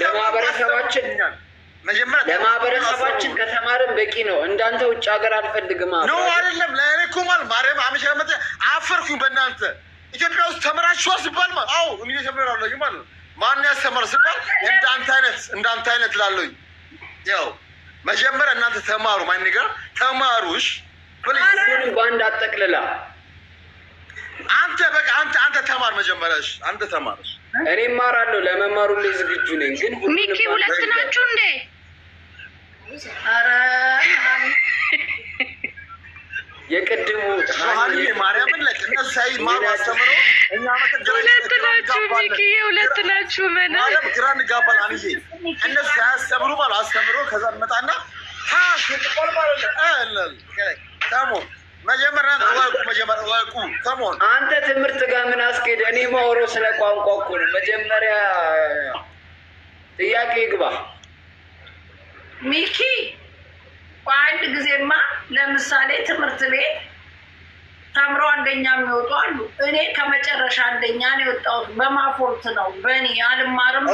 ለማህበረሰባችን ለማህበረሰባችን ከተማርን በቂ ነው። እንዳንተ ውጭ ሀገር አልፈልግም። ኖ አይደለም ለእኔ እኮ ማለት ማርያም አመሻ መ አፈርኩኝ በእናንተ ኢትዮጵያ ውስጥ ተምራችኋል ሲባል ማለት አዎ እንግሊዝ ተምራለሁ ማለት ነው። ማን ያስተምር ሲባል እንዳንተ አይነት እንዳንተ አይነት ላለኝ ያው መጀመሪያ እናንተ ተማሩ። ማን ነገር ተማሩሽ ሁሉም በአንድ አጠቅልላ አንተ በቃ አንተ አንተ ተማር መጀመሪያሽ አንተ ተማርሽ እኔ እማራለሁ፣ ለመማሩ ላይ ዝግጁ ነኝ። ግን ሚኪ ሁለት ናችሁ እንዴ? የቅድሙ ማርያምን ለቅነት ሳይ ማሩ አስተምረው ሁለት ናችሁ ሚኪ ሁለት ናችሁ። ምን ማለም ግራ ንጋባል አንዬ እነሱ ሳያስተምሩ ማለት አስተምሮ ከዛ መጣና ሀ ሲቆል ማለት ነው ታሞ መጀመሪያ ወቁ ከሞን አንተ ትምህርት ጋር ምን አስኬድ? እኔ ማወሮ ስለ ቋንቋ እኮ ነው። መጀመሪያ ጥያቄ ይግባ። ሚኪ በአንድ ጊዜማ ለምሳሌ ትምህርት ቤት ተምሮ አንደኛ የሚወጡ አሉ። እኔ ከመጨረሻ አንደኛ ነው የወጣሁት። በማፎርት ነው በእኔ አልማርም።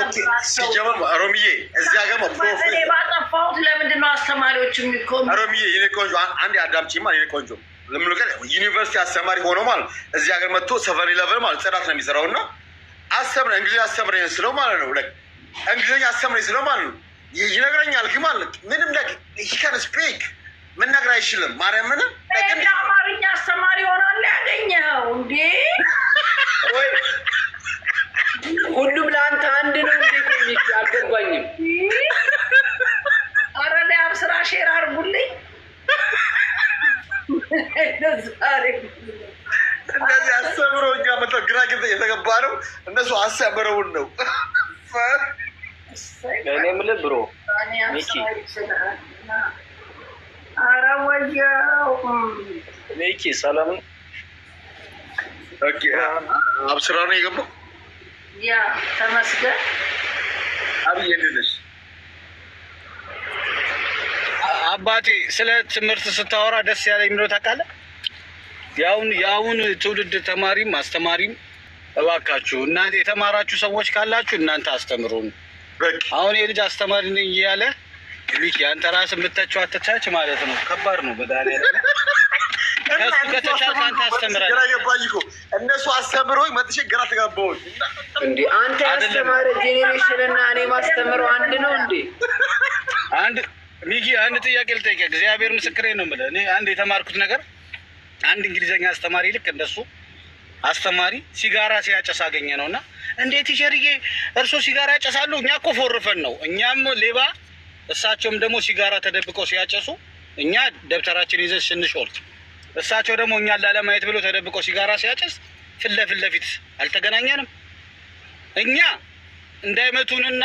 ሮሚዬ እዚያ ገ ባጠፋሁት ለምንድን ነው አስተማሪዎች የሚኮኑ? ሮሚዬ የኔ ቆንጆ አንድ አዳምጪማ የኔ ቆንጆ ዩኒቨርሲቲ አስተማሪ ሆኖ ማለት እዚህ ሀገር መጥቶ ሰቨን ኢለቨን ማለት ጽዳት ነው የሚሰራው እና አስተምረ እንግሊዝ አስተምረ ስለው ማለት ነው እንግሊዝኛ አስተምረ ስለው ማለት ነው ይነግረኛል። ግን ማለት ምንም ለ ሂከን ስፔክ መናገር አይችልም። ማርያምን አማርኛ አስተማሪ ሆኗል ያገኘኸው እንዴ? ሁሉም ለአንተ አንድ ነው እንዴ? አልገባኝም እነሱ አሳምረውን ነው። እኔ የምልህ ብሮ ሚኪ ሚኪ ሰላም አብስራ ነው የገባው። ያ ተመስገን አብዬ ነሽ? አባቴ ስለ ትምህርት ስታወራ ደስ ያለኝ ምነው ታውቃለህ? የአሁን የአሁን ትውልድ ተማሪም አስተማሪም እባካችሁ እናንተ የተማራችሁ ሰዎች ካላችሁ እናንተ አስተምሩን። አሁን የልጅ አስተማሪ ነኝ እያለ ያንተ ራስ የምተቸው አትቻች ማለት ነው። ከባድ ነው። እነሱ አስተምሮ መጥቼ ግራ ተጋባሁኝ። እንደ አንተ ያስተማረ ጄኔሬሽን እና እኔ ማስተምረው አንድ ነው እንዴ? አንድ ሚኪ፣ አንድ ጥያቄ ልጠይቀህ። እግዚአብሔር ምስክሬ ነው የምልህ እኔ አንድ የተማርኩት ነገር አንድ እንግሊዝኛ አስተማሪ ልክ እንደሱ አስተማሪ ሲጋራ ሲያጨስ አገኘ ነው እና እንዴት ይሸርዬ እርሶ ሲጋራ ያጨሳሉ? እኛ እኮ ፎርፈን ነው እኛም ሌባ እሳቸውም ደግሞ ሲጋራ ተደብቀው ሲያጨሱ እኛ ደብተራችን ይዘን ስንሾልት እሳቸው ደግሞ እኛን ላለማየት ብሎ ተደብቀው ሲጋራ ሲያጨስ ፊት ለፊት ለፊት አልተገናኘንም። እኛ እንዳይመቱንና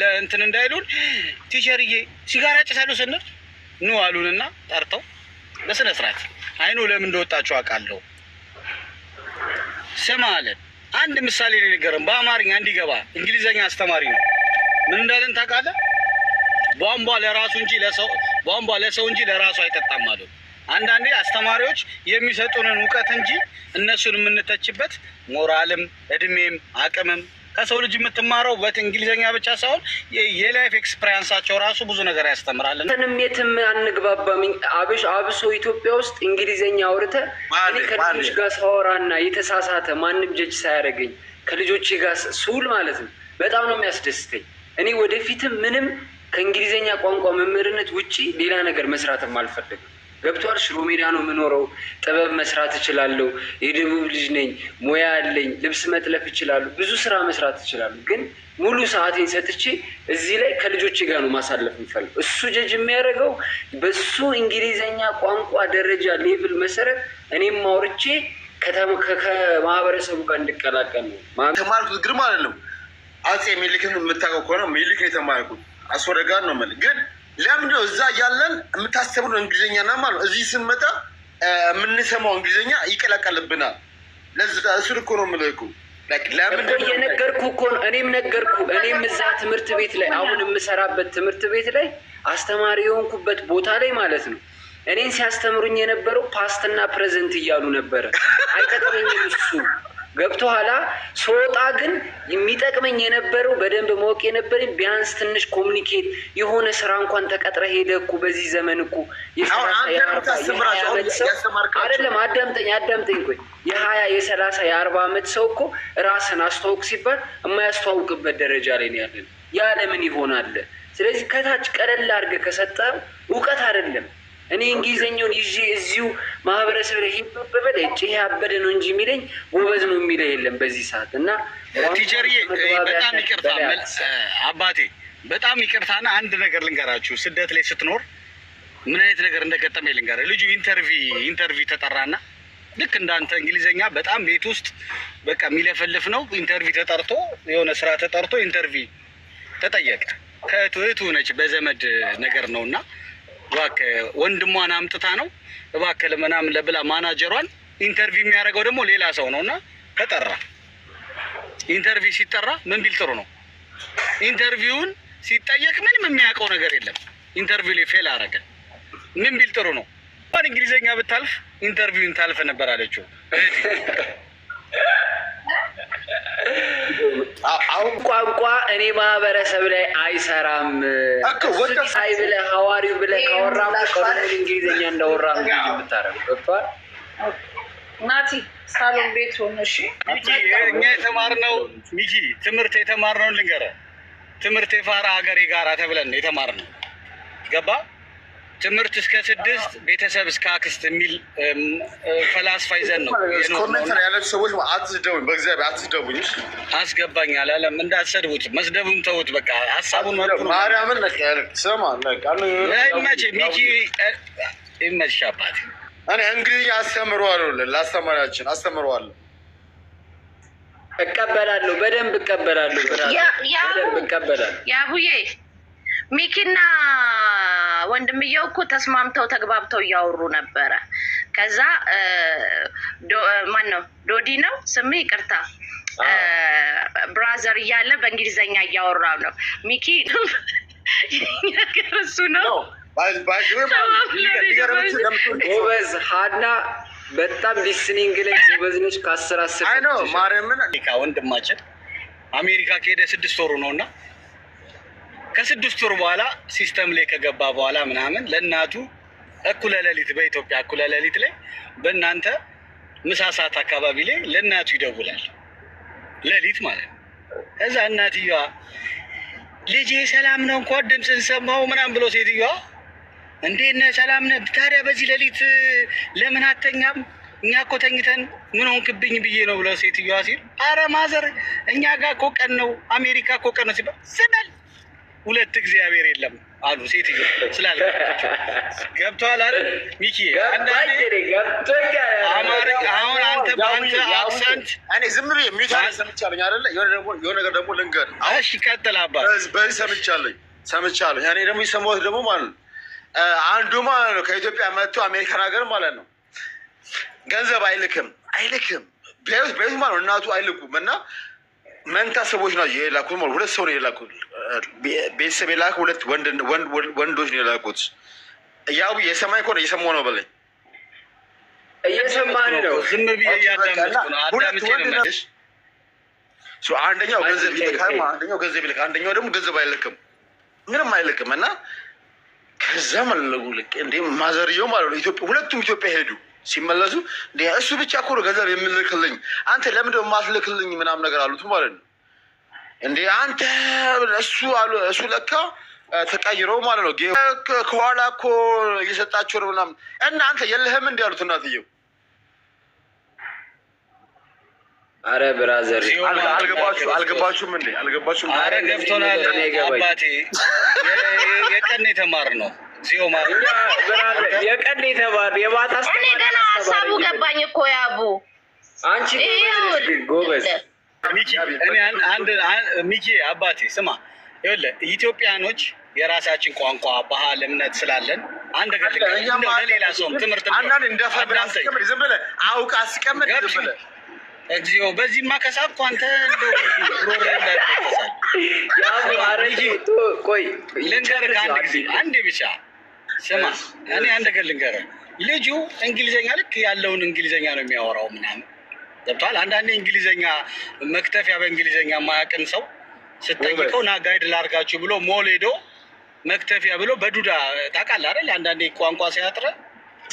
ለእንትን እንዳይሉን ቲሸርዬ ሲጋራ ጭሳሉ ስንል ኑ አሉንና ጠርተው በስነ ስርዓት አይኑ ለምን እንደወጣቸው አውቃለሁ። ስማ አለ። አንድ ምሳሌ ነው የነገረን በአማርኛ እንዲገባ። እንግሊዘኛ አስተማሪ ነው። ምን እንዳለን ታውቃለህ? ቧንቧ ለራሱ እንጂ ለሰው ቧንቧ ለሰው እንጂ ለራሱ አይጠጣም አሉ። አንዳንዴ አስተማሪዎች የሚሰጡንን እውቀት እንጂ እነሱን የምንተችበት ሞራልም እድሜም አቅምም ከሰው ልጅ የምትማረው በት እንግሊዝኛ ብቻ ሳይሆን የላይፍ ኤክስፐሪንሳቸው ራሱ ብዙ ነገር ያስተምራል። እንትንም የትም አንግባባም። አብሽ አብሶ ኢትዮጵያ ውስጥ እንግሊዝኛ አውርተ ከልጆች ጋር ሳወራና የተሳሳተ ማንም ጀጅ ሳያደርገኝ ከልጆች ጋር ስውል ማለት ነው በጣም ነው የሚያስደስተኝ። እኔ ወደፊትም ምንም ከእንግሊዝኛ ቋንቋ መምህርነት ውጪ ሌላ ነገር መስራትም አልፈልግም። ገብቷል። ሽሮ ሜዳ ነው የምኖረው። ጥበብ መስራት እችላለሁ። የደቡብ ልጅ ነኝ። ሙያ አለኝ። ልብስ መጥለፍ እችላለሁ። ብዙ ስራ መስራት እችላለሁ። ግን ሙሉ ሰዓቴን ሰጥቼ እዚህ ላይ ከልጆቼ ጋር ነው ማሳለፍ የሚፈልግ እሱ ጀጅ የሚያደርገው በሱ እንግሊዘኛ ቋንቋ ደረጃ ሌቭል መሰረት እኔም ማውርቼ ከማህበረሰቡ ጋር እንድቀላቀል ነው የተማርኩት። ግርማ አይደለም አጼ ሚሊክን የምታውቀው ከሆነ ሚሊክ የተማርኩት አስወደጋር ነው ግን ለምንድነው እዛ እያለን የምታስተምሩ እንግሊዝኛ ና ማለት እዚህ ስንመጣ የምንሰማው እንግሊዝኛ ይቀላቀልብናል። እሱ እኮ ነው የምልህ። የነገርኩ እኮ እኔም ነገርኩ። እኔም እዛ ትምህርት ቤት ላይ አሁን የምሰራበት ትምህርት ቤት ላይ አስተማሪ የሆንኩበት ቦታ ላይ ማለት ነው እኔን ሲያስተምሩኝ የነበረው ፓስትና ፕሬዘንት እያሉ ነበረ። አይጠቅመኝም እሱ ገብቶ ኋላ ሶወጣ ግን የሚጠቅመኝ የነበረው በደንብ ማወቅ የነበረኝ ቢያንስ ትንሽ ኮሚኒኬት የሆነ ስራ እንኳን ተቀጥረ ሄደ እኮ በዚህ ዘመን እኮ አይደለም። አዳምጠኝ አዳምጠኝ፣ ቆይ የሀያ የሰላሳ የአርባ አመት ሰው እኮ ራስን አስተዋውቅ ሲባል የማያስተዋውቅበት ደረጃ ላይ ነው ያለን። ያለምን ይሆናል። ስለዚህ ከታች ቀለል አድርገህ ከሰጠ እውቀት አይደለም እኔ እንግሊዘኛውን ይዤ እዚሁ ማህበረሰብ ላይ በበል ይሄ አበደ ነው እንጂ የሚለኝ ጎበዝ ነው የሚለኝ የለም በዚህ ሰዓት። እና ቲቸርዬ በጣም ይቅርታ አባቴ፣ በጣም ይቅርታና አንድ ነገር ልንገራችሁ። ስደት ላይ ስትኖር ምን አይነት ነገር እንደገጠመ ልንገር ልጁ ኢንተርቪ ኢንተርቪ ተጠራና ልክ እንዳንተ እንግሊዘኛ በጣም ቤት ውስጥ በቃ የሚለፈልፍ ነው። ኢንተርቪ ተጠርቶ የሆነ ስራ ተጠርቶ ኢንተርቪ ተጠየቀ። ከእህቱ ነች በዘመድ ነገር ነው እና እባክህ ወንድሟን አምጥታ ነው እባክህ ምናምን ለብላ ማናጀሯን ኢንተርቪው የሚያደርገው ደግሞ ሌላ ሰው ነው እና ተጠራ። ኢንተርቪው ሲጠራ ምን ቢል ጥሩ ነው? ኢንተርቪውን ሲጠየቅ ምንም የሚያውቀው ነገር የለም። ኢንተርቪው ላይ ፌል አረገ ምን ቢል ጥሩ ነው? እንግሊዝኛ ብታልፍ ኢንተርቪውን ታልፈ ነበር አለችው። አሁን ቋንቋ እኔ ማህበረሰብ ላይ አይሰራም። ሳይ ብለ ሀዋሪ ብለ ከወራ እንግሊዝኛ እንዳወራ የምታረገው ናቲ ሳሎን ቤት ሆነሽ እኛ የተማርነው ሚኪ ትምህርት የተማርነውን ልንገረ ትምህርት የፋራ ሀገሬ ጋራ ተብለን የተማርነው ገባ ትምህርት እስከ ስድስት ቤተሰብ እስከ አክስት የሚል ፈላስፋ ይዘን ነው ያላችሁ ሰዎች አትስደቡኝ፣ በእግዚአብሔር አትስደቡኝ። አስገባኝ አላለም እንዳትሰድቡት፣ መስደቡም ተውት። በቃ ሀሳቡን ማርያምን ስማ፣ ይመች ሚኪ፣ ይመችሽ አባት። እኔ እንግሊዝኛ አስተምረዋለሁ፣ ለአስተማሪያችን አስተምረዋለሁ። እቀበላለሁ፣ በደንብ እቀበላለሁ፣ በደንብ እቀበላለሁ። ያቡዬ ሚኪና ወንድምየው እኮ ተስማምተው ተግባብተው እያወሩ ነበረ። ከዛ ማን ነው ዶዲ ነው ስሜ ይቅርታ ብራዘር እያለ በእንግሊዝኛ እያወራ ነው ሚኪ ነገር እሱ ነው ጎበዝ ሀና በጣም ሊስኒንግ ላይ ጎበዝ ነች። ከአስር አስር ማርያምን ወንድማችን አሜሪካ ከሄደ ስድስት ወሩ ነው እና ከስድስት ወር በኋላ ሲስተም ላይ ከገባ በኋላ ምናምን ለእናቱ እኩለ ሌሊት በኢትዮጵያ እኩለ ሌሊት ላይ በእናንተ ምሳ ሰዓት አካባቢ ላይ ለእናቱ ይደውላል። ሌሊት ማለት ነው። እዛ እናትየዋ ልጄ ሰላም ነው እንኳን ድምፅን ሰማሁ ምናምን ብሎ ሴትዮዋ እንዴት ነህ ሰላም ነህ? ታዲያ በዚህ ሌሊት ለምን አተኛም? እኛ እኮ ተኝተን ምን ሆንክብኝ ብዬ ነው ብለው ሴትዮዋ ሲል አረ ማዘር እኛ ጋር እኮ ቀን ነው፣ አሜሪካ እኮ ቀን ነው ሲባል ስበል ሁለት እግዚአብሔር የለም አሉ ሴትዮ ስላልገባቸው ገብተዋል አለ ሚኪ አሁን አንተ በአንተ አክሰንት እኔ ዝም ብዬ ሚታ ሰምቻለኝ አይደለ የሆነ ነገር ደግሞ ልንገር እሺ ቀጥል አባ በዚህ ሰምቻለኝ ሰምቻለኝ እኔ ደግሞ የሰማሁት ደግሞ ማለት ነው አንዱ ማለት ነው ከኢትዮጵያ መጥቶ አሜሪካን ሀገር ማለት ነው ገንዘብ አይልክም አይልክም ቤት ቤት ማለት ነው እናቱ አይልኩም እና መንታ ሰዎች ናቸው የላኩት ማለት ሁለት ሰው ነው የላኩት ቤተሰብ የላከ ሁለት ወንዶች ነው የላኩት። ያው የሰማኝ ከሆነ እየሰማሁ ነው በለኝ። እየሰማን አንደኛው ገንዘብ ይልካል፣ አንደኛው ገንዘብ ይልካል፣ አንደኛው ደግሞ ገንዘብ አይልክም፣ ምንም አይልክም። እና ከዛ መለጉ ልክ እንደ ማዘርየው ማለት ነው ኢትዮጵያ ሁለቱም ኢትዮጵያ ሄዱ። ሲመለሱ እሱ ብቻ እኮ ነው ገንዘብ የምልክልኝ አንተ ለምንድን ነው የማትልክልኝ ምናምን ነገር አሉት ማለት ነው እንዴ አንተ እሱ አሉ እሱ ለካ ተቀይሮ ማለት ነው። ከኋላ እኮ እየሰጣቸው ነው ምናምን እና አንተ የለህም እንዲ ያሉት እናትየው። አረ ብራዘር አልገባችሁ አልገባችሁም እንዴ አልገባችሁም? አረ ገብቶናል አባቴ። የቀን የተማር ነው የቀን የተማር የማታ ገና ሀሳቡ ገባኝ እኮ ያቡ አንቺ ጎበዝ ሚኪ አባቴ ስማ፣ ይኸውልህ ኢትዮጵያኖች የራሳችን ቋንቋ፣ ባህል፣ እምነት ስላለን አንድ ነገር ለሌላ ሰውም ትምህርት አውቅ አስቀምጥ ብለህ እግዚኦ በዚህ ማከሳብ እኮ አንተ እንደው ቆይ ልንገርህ፣ ከአንድ ጊዜ አንድ ብቻ ስማ። እኔ አንድ ገር ልንገር ልጁ እንግሊዝኛ ልክ ያለውን እንግሊዝኛ ነው የሚያወራው ምናምን ገብቷል። አንዳንዴ እንግሊዝኛ መክተፊያ በእንግሊዝኛ ማያቅን ሰው ስጠይቀው ና ጋይድ ላርጋችሁ ብሎ ሞል ሄዶ መክተፊያ ብሎ በዱዳ ታውቃለህ አይደል? አንዳንዴ ቋንቋ ሲያጥረ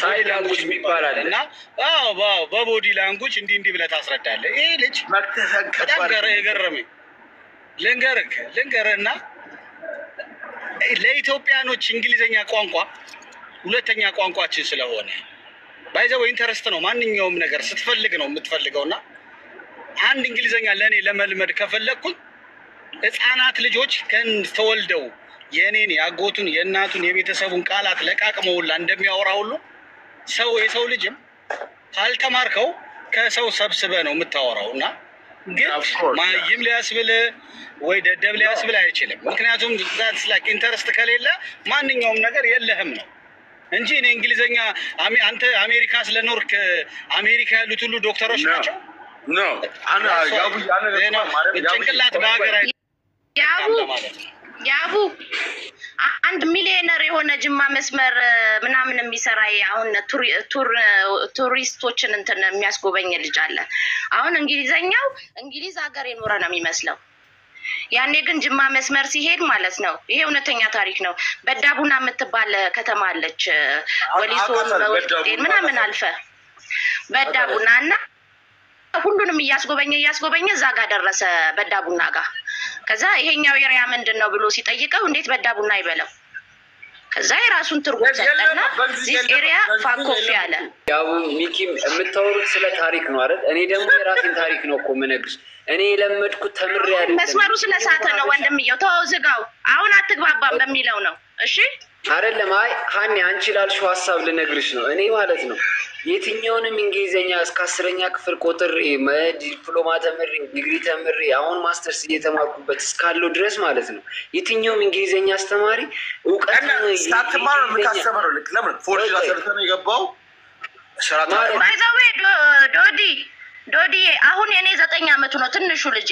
ሳይ ላንጉጅ ይባላል እና በቦዲ ላንጉጅ እንዲህ እንዲህ ብለህ ታስረዳለህ። ይሄ ልጅ በጣም የገረመኝ ልንገርህ ልንገርህ እና ለኢትዮጵያኖች እንግሊዝኛ ቋንቋ ሁለተኛ ቋንቋችን ስለሆነ ባይዘው ኢንተረስት ነው። ማንኛውም ነገር ስትፈልግ ነው የምትፈልገው። እና አንድ እንግሊዘኛ ለእኔ ለመልመድ ከፈለግኩኝ ህፃናት ልጆች ከእንድ ተወልደው የእኔን የአጎቱን የእናቱን የቤተሰቡን ቃላት ለቃቅመውላ እንደሚያወራ ሁሉ ሰው የሰው ልጅም ካልተማርከው ከሰው ሰብስበ ነው የምታወራው እና ግን ማይም ሊያስብል ወይ ደደብ ሊያስብል አይችልም። ምክንያቱም ኢንተረስት ከሌለ ማንኛውም ነገር የለህም ነው እንጂ እኔ እንግሊዘኛ አንተ አሜሪካ ስለኖርክ አሜሪካ ያሉት ሁሉ ዶክተሮች ናቸው። ጭንቅላት በሀገር ያቡ አንድ ሚሊዮነር የሆነ ጅማ መስመር ምናምን የሚሰራ አሁን ቱሪስቶችን እንትን የሚያስጎበኝ ልጅ አለ። አሁን እንግሊዘኛው እንግሊዝ ሀገር የኖረ ነው የሚመስለው ያኔ ግን ጅማ መስመር ሲሄድ ማለት ነው። ይሄ እውነተኛ ታሪክ ነው። በዳቡና የምትባል ከተማ አለች። ወሊሶን ምናምን አልፈ በዳቡና እና ሁሉንም እያስጎበኘ እያስጎበኘ እዛ ጋር ደረሰ፣ በዳቡና ጋር ከዛ ይሄኛው የሪያ ምንድን ነው ብሎ ሲጠይቀው እንዴት በዳቡና ይበለው ከዛ የራሱን ትርጉም ሰጠና ዚስ ፋኮፊ አለ። ያው ሚኪ የምታወሩት ስለ ታሪክ ነው አይደል? እኔ ደግሞ የራሴን ታሪክ ነው እኮ የምነግርሽ። እኔ የለመድኩት ተምሬ መስመሩ ስለሳተ ነው ወንድምየው። ተው ዝጋው፣ አሁን አትግባባም በሚለው ነው። እሺ አይደለም። አይ ሀኒ አንቺ ላልሽው ሀሳብ ልነግርሽ ነው። እኔ ማለት ነው የትኛውንም እንግሊዝኛ እስከ አስረኛ ክፍል ቆጥሬ ዲፕሎማ ተምሬ ዲግሪ ተምሬ አሁን ማስተርስ እየተማርኩበት እስካለው ድረስ ማለት ነው የትኛውም እንግሊዝኛ አስተማሪ እውቀት ሳትማር ነው። ለምን ፎርጅ ሰርተህ ነው የገባው ዶዲ ዶዲ አሁን የእኔ ዘጠኝ አመቱ ነው ትንሹ ልጄ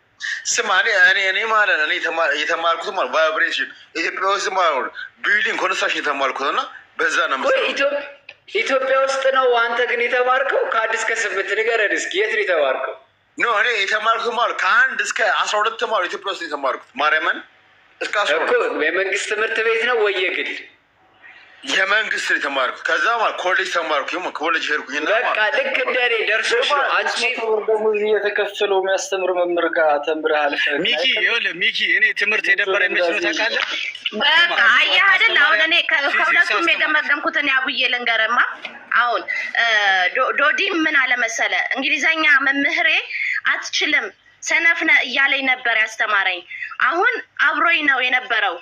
ስማ እኔ እኔ ማለት እኔ የተማርኩት ማለት ቫይብሬሽን ኢትዮጵያ ውስጥ ማለት ቢልዲንግ ኮንስትራክሽን የተማርኩት እና በዛ ነው ኢትዮጵያ ውስጥ ነው። አንተ ግን የተማርከው ከአንድ እስከ ስምንት ንገረን እስኪ የት ነው የተማርከው? ኖ እኔ የተማርኩት ማለት ከአንድ እስከ አስራ ሁለት ተማሩ ኢትዮጵያ ውስጥ የተማርኩት ማርያምን እስከ አስራ ሁለት የመንግስት ትምህርት ቤት ነው ወይ የግል የመንግስት ነው የተማርኩ። ከዛ ማለት ኮሌጅ ተማርኩ። ኮሌጅ ሄድኩኝ። በቃ ልክ እንደኔ ደርሶሽ አንቺ ደግሞ እየተከፈለው የሚያስተምር መምህር ጋር ተምረሃል። ሚኪ ይኸውልህ፣ ሚኪ እኔ ትምህርት የነበረ የሚችሉ ታውቃለህ። በቃ አየህ አይደል? አሁን እኔ ከሁለቱም የገመገምኩትን አቡዬ ልንገርማ። አሁን ዶዲ ምን አለመሰለ እንግሊዘኛ መምህሬ አትችልም ሰነፍነ እያለኝ ነበር ያስተማረኝ። አሁን አብሮኝ ነው የነበረው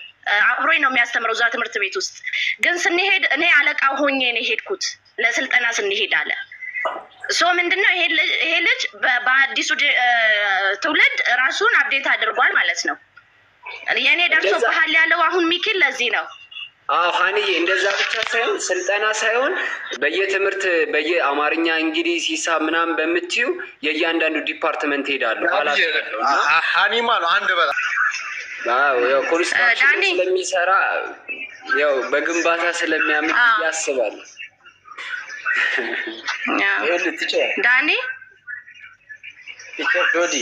አብሮኝ ነው የሚያስተምረው እዛ ትምህርት ቤት ውስጥ። ግን ስንሄድ እኔ አለቃ ሆኜ ነው የሄድኩት ለስልጠና ስንሄድ አለ ሶ ምንድነው ይሄ ልጅ በአዲሱ ትውልድ ራሱን አብዴት አድርጓል ማለት ነው። የእኔ ደርሶ ባህል ያለው አሁን ሚኪል ለዚህ ነው። አዎ ሀኒዬ፣ እንደዛ ብቻ ሳይሆን ስልጠና ሳይሆን በየትምህርት በየአማርኛ፣ እንግሊዝ፣ ሂሳብ ምናምን በምትዩ የእያንዳንዱ ዲፓርትመንት ሄዳሉ ሀኒማ ነው አንድ በጣም ኮንስትራክሽን ስለሚሰራ ያው በግንባታ ስለሚያምን ያስባል። ዳኒ ዶዲ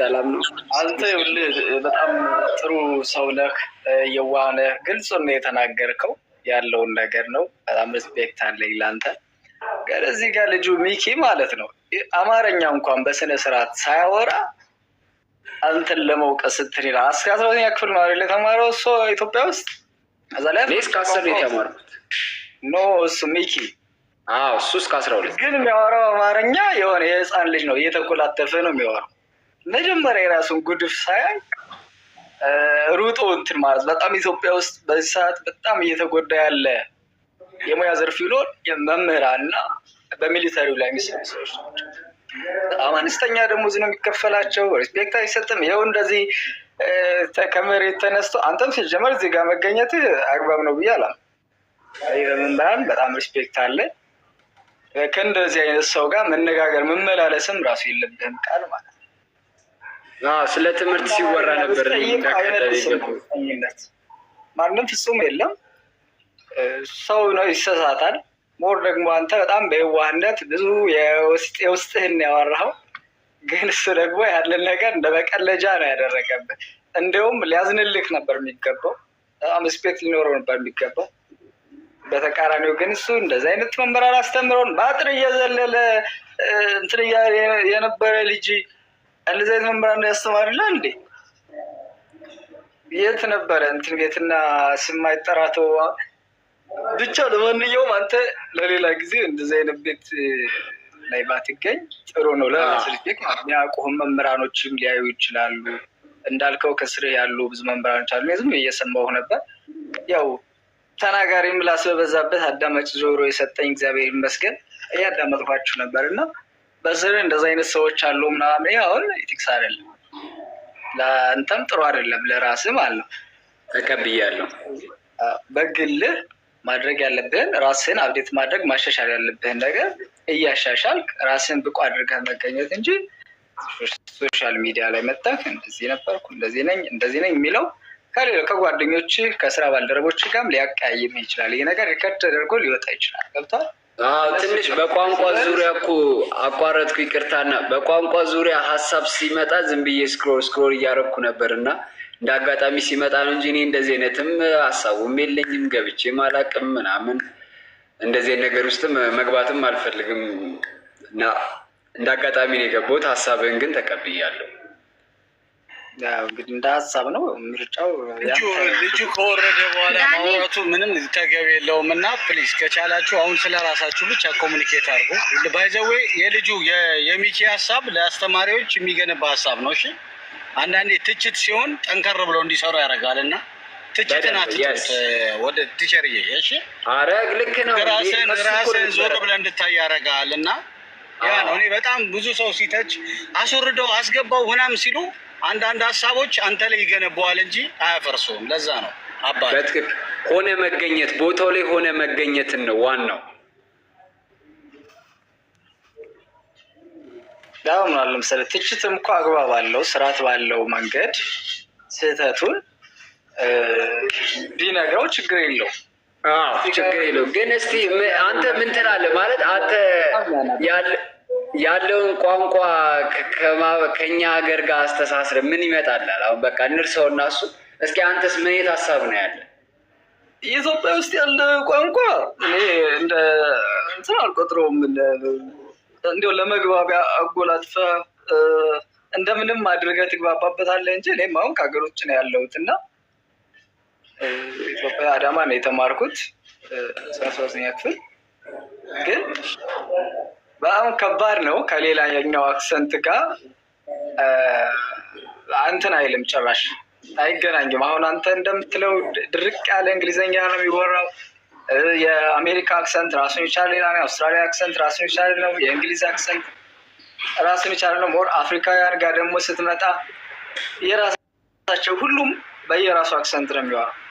ሰላም ነው። አንተ ይኸውልህ በጣም ጥሩ ሰው ነህ፣ የዋህ ነህ፣ ግልጽ ነው የተናገርከው ያለውን ነገር ነው። በጣም ሪስፔክት አለኝ ለአንተ። ግን እዚህ ጋር ልጁ ሚኪ ማለት ነው አማርኛ እንኳን በስነ ስርዓት ሳያወራ አንተን ለመውቀስ ስትል ይላል። እስከ አስራ ሁለተኛ ክፍል ነው አይደል የተማረው እሱ ኢትዮጵያ ውስጥ? ከዛ ላይ እስከ አስር ነው የተማርኩት። ኖ እሱ ሚኪ እሱ እስከ አስራ ሁለት ግን የሚያወራው አማርኛ የሆነ የህፃን ልጅ ነው፣ እየተኮላተፈ ነው የሚያወራው። መጀመሪያ የራሱን ጉድፍ ሳያይ ሩጦ እንትን ማለት በጣም ኢትዮጵያ ውስጥ በዚህ ሰዓት በጣም እየተጎዳ ያለ የሙያ ዘርፍ ይሎን እና በሚሊተሪው ላይ የሚሰሩ ሰዎች ናቸው። በጣም አነስተኛ ደሞዝ ነው የሚከፈላቸው። ሪስፔክት አይሰጥም። ይኸው እንደዚህ ከመሬት ተነስቶ አንተም ሲጀመር እዚህ ጋር መገኘት አግባብ ነው ብዬ አላም በመምህራን በጣም ሪስፔክት አለ። ከእንደዚህ አይነት ሰው ጋር መነጋገር መመላለስም ራሱ የለብህም ቃል ማለት ነው። ስለ ትምህርት ሲወራ ነበር። ማንም ፍጹም የለም። ሰው ነው ይሰሳታል። ሞር ደግሞ አንተ በጣም በየዋህነት ብዙ የውስጥህን ያወራኸው፣ ግን እሱ ደግሞ ያለን ነገር እንደ መቀለጃ ነው ያደረገብህ። እንዲሁም ሊያዝንልህ ነበር የሚገባው፣ በጣም ስፔት ሊኖረው ነበር የሚገባው። በተቃራኒው ግን እሱ እንደዚህ አይነት መምህራን አስተምረውን በአጥር እየዘለለ እንትን እያለ የነበረ ልጅ እንደዚህ አይነት መምህራን ያስተማርላ እንዴ? የት ነበረ እንትን ቤትና ስማይ ጠራተው ብቻ ለማንኛውም አንተ ለሌላ ጊዜ እንደዚህ አይነት ቤት ላይ ባትገኝ ጥሩ ነው። ለስልቤት የሚያውቁህም መምህራኖችም ሊያዩ ይችላሉ። እንዳልከው ከስር ያሉ ብዙ መምህራኖች አሉ። ዝም እየሰማሁ ነበር። ያው ተናጋሪ ምላስ በበዛበት አዳማጭ ጆሮ የሰጠኝ እግዚአብሔር ይመስገን እያዳመጥኳችሁ ነበር እና በስር እንደዚ አይነት ሰዎች አሉ ምናምን። አሁን ኢቲክስ አይደለም ለአንተም ጥሩ አይደለም፣ ለራስም አለው ተቀብያለሁ በግልህ ማድረግ ያለብህን ራስህን አብዴት ማድረግ ማሻሻል ያለብህን ነገር እያሻሻልክ ራስህን ብቁ አድርገህ መገኘት እንጂ ሶሻል ሚዲያ ላይ መጣህ እንደዚህ ነበርኩ እንደዚህ ነኝ እንደዚህ ነኝ የሚለው ከሌላ ከጓደኞች ከስራ ባልደረቦች ጋርም ሊያቀያይም ይችላል። ይህ ነገር ሪከርድ ተደርጎ ሊወጣ ይችላል። ገብቷል። ትንሽ በቋንቋ ዙሪያ እኮ አቋረጥኩ፣ ይቅርታና በቋንቋ ዙሪያ ሀሳብ ሲመጣ ዝም ብዬ ስክሮል ስክሮል እያደረግኩ ነበር እና እንደ አጋጣሚ ሲመጣ ነው እንጂ እኔ እንደዚህ አይነትም ሀሳቡም የለኝም ገብቼም አላቅም ምናምን እንደዚህ ነገር ውስጥም መግባትም አልፈልግም እና እንደ አጋጣሚ ነው የገባሁት። ሀሳብህን ግን ተቀብያለሁ። እንግዲህ እንደ ሀሳብ ነው ምርጫው። ልጁ ከወረደ በኋላ ማውራቱ ምንም ተገቢ የለውም እና ፕሊዝ ከቻላችሁ አሁን ስለ ራሳችሁ ብቻ ኮሚኒኬት አድርጉ። ባይዘዌ የልጁ የሚኪ ሀሳብ ለአስተማሪዎች የሚገነባ ሀሳብ ነው። እሺ አንዳንዴ ትችት ሲሆን ጠንከር ብለው እንዲሰሩ ያደርጋል እና ትችትን ወደ ቲቸርዬ፣ እሺ አረግ ልክ ነው። ራስን ራስን ዞር ብለ እንድታይ ያደርጋል እና ያ ነው። እኔ በጣም ብዙ ሰው ሲተች አስወርደው አስገባው ምናምን ሲሉ አንዳንድ ሀሳቦች አንተ ላይ ይገነባዋል እንጂ አያፈርሱም። ለዛ ነው በትክክል ሆነ መገኘት ቦታው ላይ ሆነ መገኘትን ነው ዋናው ዳሁ ምናል ለምሳሌ ትችትም እኮ አግባብ ባለው ስርዓት ባለው መንገድ ስህተቱን ቢነግረው ችግር የለው ችግር የለው። ግን እስቲ አንተ ምን ትላለህ ማለት አንተ ያለውን ቋንቋ ከኛ ሀገር ጋር አስተሳስረ ምን ይመጣላል? አሁን በቃ እንርሰው እና እሱ እስኪ አንተስ ምን የት ሀሳብ ነው ያለ? የኢትዮጵያ ውስጥ ያለ ቋንቋ እኔ እንደ እንትን አልቆጥረውም እንዲያው ለመግባቢያ አጎላጥፈ እንደምንም አድርገህ ትግባባበታለህ እንጂ እኔም አሁን ከሀገሮች ነው ያለሁት እና ኢትዮጵያ አዳማ ነው የተማርኩት አስራ ሶስተኛ ክፍል ግን በጣም ከባድ ነው። ከሌላኛው አክሰንት ጋር አንተን አይልም ጭራሽ አይገናኝም። አሁን አንተ እንደምትለው ድርቅ ያለ እንግሊዘኛ ነው የሚወራው። የአሜሪካ አክሰንት ራሱን የቻለ ሌላ ነው። የአውስትራሊያ አክሰንት ራሱን የቻለ ነው። የእንግሊዝ አክሰንት ራሱን የቻለ ነው። ሞር አፍሪካውያን ጋር ደግሞ ስትመጣ የራሳቸው ሁሉም በየራሱ አክሰንት ነው የሚዋሉ